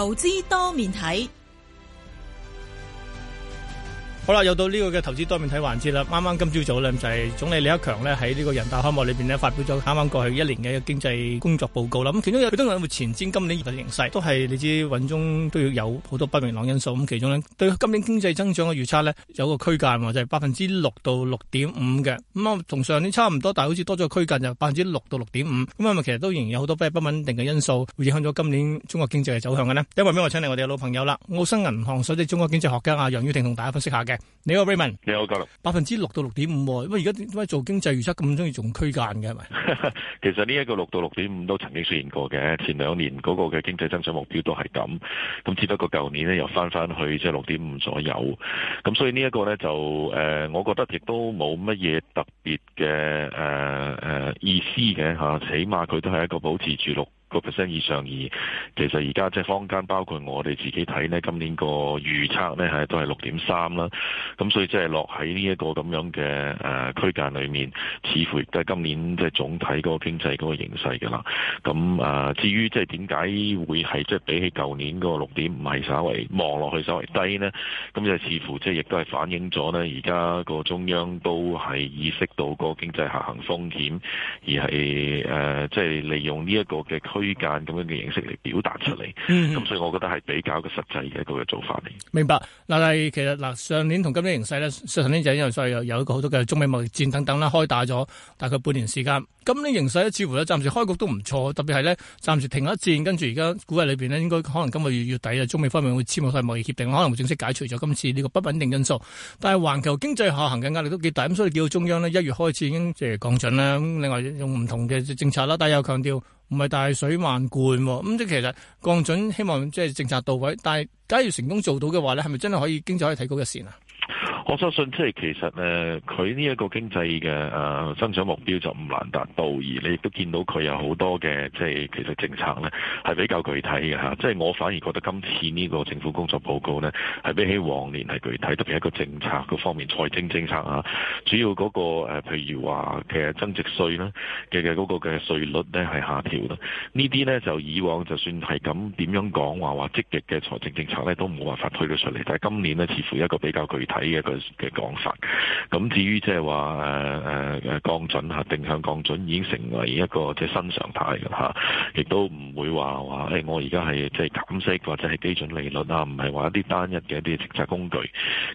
投資多面睇。好啦，又到個剛剛呢個嘅投資多面睇環節啦。啱啱今朝早咧就係、是、總理李克強咧喺呢個人大開幕裏邊咧發表咗啱啱過去一年嘅一個經濟工作報告啦。咁、嗯、其中有好多有冇前瞻今年嘅形勢，都係你知穩中都要有好多不明朗因素。咁其中咧對今年經濟增長嘅預測咧有個區間，或者係百分之六到六點五嘅。咁啊同上年差唔多，但係好似多咗個區間就百分之六到六點五。咁、嗯、啊其實都仍然有好多不不穩定嘅因素，會影響咗今年中國經濟嘅走向嘅呢，咁啊，不如我請嚟我哋嘅老朋友啦，澳新銀行首席中國經濟學家阿楊宇霆同大家分析下。你好 Raymond，你好，交流百分之六到六點五，咁而家點解做經濟預測咁中意做區間嘅？係咪 其實呢一個六到六點五都曾經出現過嘅，前兩年嗰個嘅經濟增長目標都係咁，咁只不過舊年咧又翻翻去即係六點五左右，咁所以呢一個咧就誒、呃，我覺得亦都冇乜嘢特別嘅誒誒。呃呃意思嘅嚇，起碼佢都係一個保持住六個 percent 以上。而其實而家即係坊間，包括我哋自己睇呢，今年個預測呢係都係六點三啦。咁所以即係落喺呢一個咁樣嘅誒區間裡面，似乎亦都係今年即係總體嗰個經濟嗰個形勢嘅啦。咁啊，至於即係點解會係即係比起舊年嗰個六點唔係稍微望落去稍微低呢？咁就似乎即係亦都係反映咗呢，而家個中央都係意識到個經濟下行風險。而係誒、呃，即係利用呢一個嘅區間咁樣嘅形式嚟表達出嚟，咁、嗯嗯、所以我覺得係比較嘅一個實際嘅一個嘅做法嚟。明白嗱，係其實嗱、呃，上年同今年形勢咧，上年就因為所有有一個好多嘅中美貿易戰等等啦，開打咗大概半年時間。咁呢形勢咧，似乎咧暫時開局都唔錯，特別係咧暫時停一戰，跟住而家估計裏邊咧，應該可能今個月月底啊，中美方面會簽個貿易協定，可能會正式解除咗今次呢個不穩定因素。但係環球經濟下行嘅壓力都幾大，咁、嗯、所以叫中央呢一月開始已經即係降準啦。咁另外用唔同嘅政策啦，但係又強調唔係大水漫灌喎。咁、嗯、即係其實降準希望即係政策到位，但係假如成功做到嘅話呢係咪真係可以經濟可以提高嘅線啊？我相信即係其實誒，佢呢一個經濟嘅誒增長目標就唔難達到，而你亦都見到佢有好多嘅即係其實政策咧，係比較具體嘅吓，即係我反而覺得今次呢個政府工作報告咧，係比起往年係具體特別一個政策嗰方面，財政政策啊，主要嗰個誒譬如話嘅增值稅啦嘅嘅嗰個嘅稅率咧係下調啦。呢啲咧就以往就算係咁點樣講話話積極嘅財政政策咧都冇辦法推到出嚟，但係今年咧似乎一個比較具體嘅嘅講法，咁至於即係話誒誒誒降準啊，定向降準已經成為一個即係新常態嘅喇，亦、啊、都唔會話話誒我而家係即係減息或者係基準利率啊，唔係話一啲單一嘅一啲政策工具，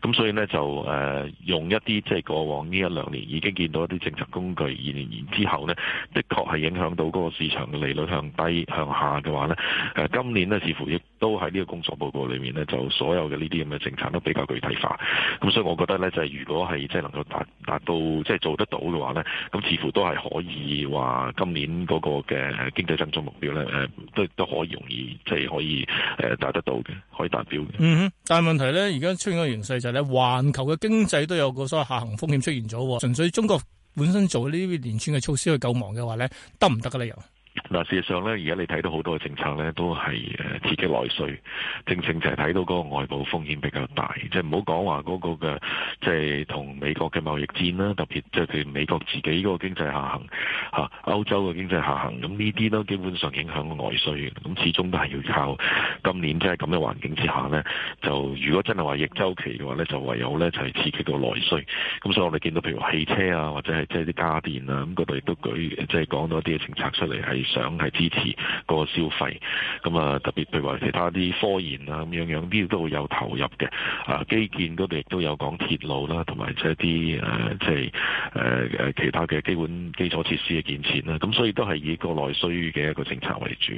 咁所以呢，就誒、呃、用一啲即係過往呢一兩年已經見到一啲政策工具，然然之後呢，的確係影響到嗰個市場嘅利率向低向下嘅話呢。誒、啊、今年呢，似乎亦都喺呢個工作報告裏面呢，就所有嘅呢啲咁嘅政策都比較具體化。咁所以我覺得呢，就係如果係即係能夠達達到即係做得到嘅話呢，咁似乎都係可以話今年嗰個嘅經濟增速目標呢、呃，都都可以容易即係可以誒達、呃、得到嘅，可以達標嘅、嗯。但係問題呢，而家出現嘅形勢就係咧，環球嘅經濟都有個所謂下行風險出現咗。純粹中國本身做呢啲連串嘅措施去救亡嘅話呢，得唔得嘅理由？嗱，事實上咧，而家你睇到好多嘅政策咧，都係誒刺激內需，正正就係睇到嗰個外部風險比較大，即係唔好講話嗰個嘅即係同美國嘅貿易戰啦，特別即係佢美國自己嗰個經濟下行吓，歐洲嘅經濟下行，咁呢啲都基本上影響個內需嘅，咁始終都係要靠今年即係咁嘅環境之下咧，就如果真係話逆周期嘅話咧，就唯有咧就係刺激到內需，咁所以我哋見到譬如話汽車啊，或者係即係啲家電啊，咁嗰度亦都舉即係講咗一啲嘅政策出嚟係。想係支持個消費，咁啊特別譬如話其他啲科研啊，咁樣樣啲都會有投入嘅。啊基建嗰度亦都有講鐵路啦，同埋即係啲誒即係誒誒其他嘅基本基礎設施嘅建設啦。咁所以都係以國內需嘅一個政策為主。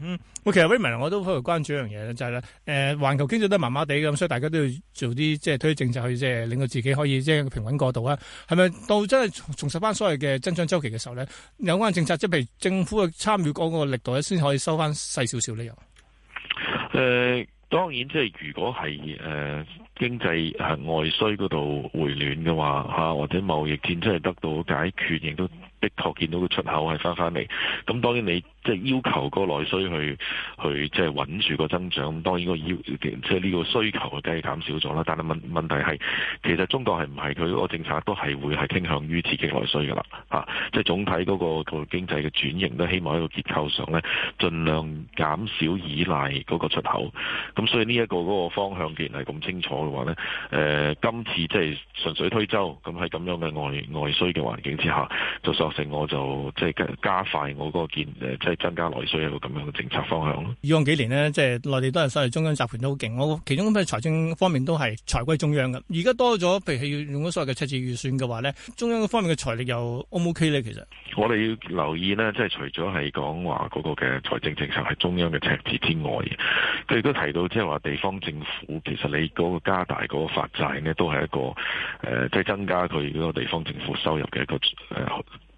嗯，我其實 Raymond 我都喺度關注一樣嘢咧，就係、是、咧，誒、呃、環球經濟都麻麻地咁，所以大家都要做啲即係推政策去即係令到自己可以即係平穩過渡。啦。係咪到真係重拾翻所謂嘅增長周期嘅時候咧，有關政策即係譬如政府嘅參與嗰個力度咧，先可以收翻細少少咧？又誒、呃，當然即係如果係誒、呃、經濟誒外需嗰度回暖嘅話，吓、啊、或者貿易戰真係得到解決，亦都。的確見到個出口係翻返嚟，咁當然你即係要求嗰個內需去去即係穩住個增長，當然個要即係呢個需求梗係減少咗啦。但係問問題係其實中國係唔係佢個政策都係會係傾向於刺激內需㗎啦，嚇！即係總體嗰個個經濟嘅轉型都希望喺個結構上咧，儘量減少依賴嗰個出口。咁所以呢一個嗰個方向既然係咁清楚嘅話咧，誒，今次即係順水推舟，咁喺咁樣嘅外外需嘅環境之下，就上我就即係加快我嗰個建誒，即係增加內需一個咁樣嘅政策方向咯。以往幾年咧，即係內地都係所謂中央集權都好勁，我其中喺財政方面都係財歸中央噶。而家多咗，譬如要用咗所謂嘅赤字預算嘅話咧，中央方面嘅財力又 O 唔 OK 咧？其實。我哋要留意呢，即係除咗係講話嗰個嘅財政政策係中央嘅赤字之外，佢亦都提到，即係話地方政府其實你嗰個加大嗰個發債呢，都係一個誒、呃，即係增加佢嗰個地方政府收入嘅一個誒、呃、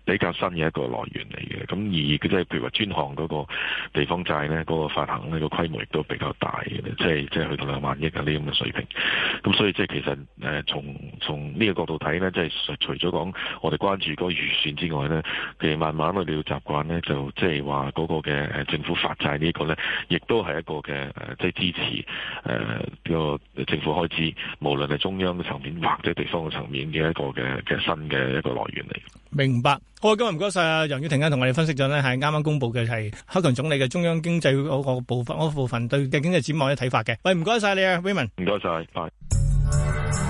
比較新嘅一個來源嚟嘅。咁而即係譬如話專項嗰個地方債呢，嗰個發行呢個規模亦都比較大嘅，即係即係去到兩萬億呀呢咁嘅水平。咁所以即係其實誒，從從呢個角度睇呢，即係除咗講我哋關注嗰個預算之外呢。其實慢慢我哋要習慣咧，就即係話嗰個嘅誒政府發債呢一個咧，亦都係一個嘅誒、呃，即係支持誒呢、呃這個政府開支，無論係中央嘅層面或者地方嘅層面嘅一個嘅嘅新嘅一個來源嚟。明白好啊！今日唔該晒啊，楊宇霆啊，同我哋分析咗咧，係啱啱公布嘅係克強總理嘅中央經濟嗰個部分嗰部分對嘅經濟展望嘅睇法嘅。喂，唔該晒你啊 Raymond 唔該晒。拜。謝謝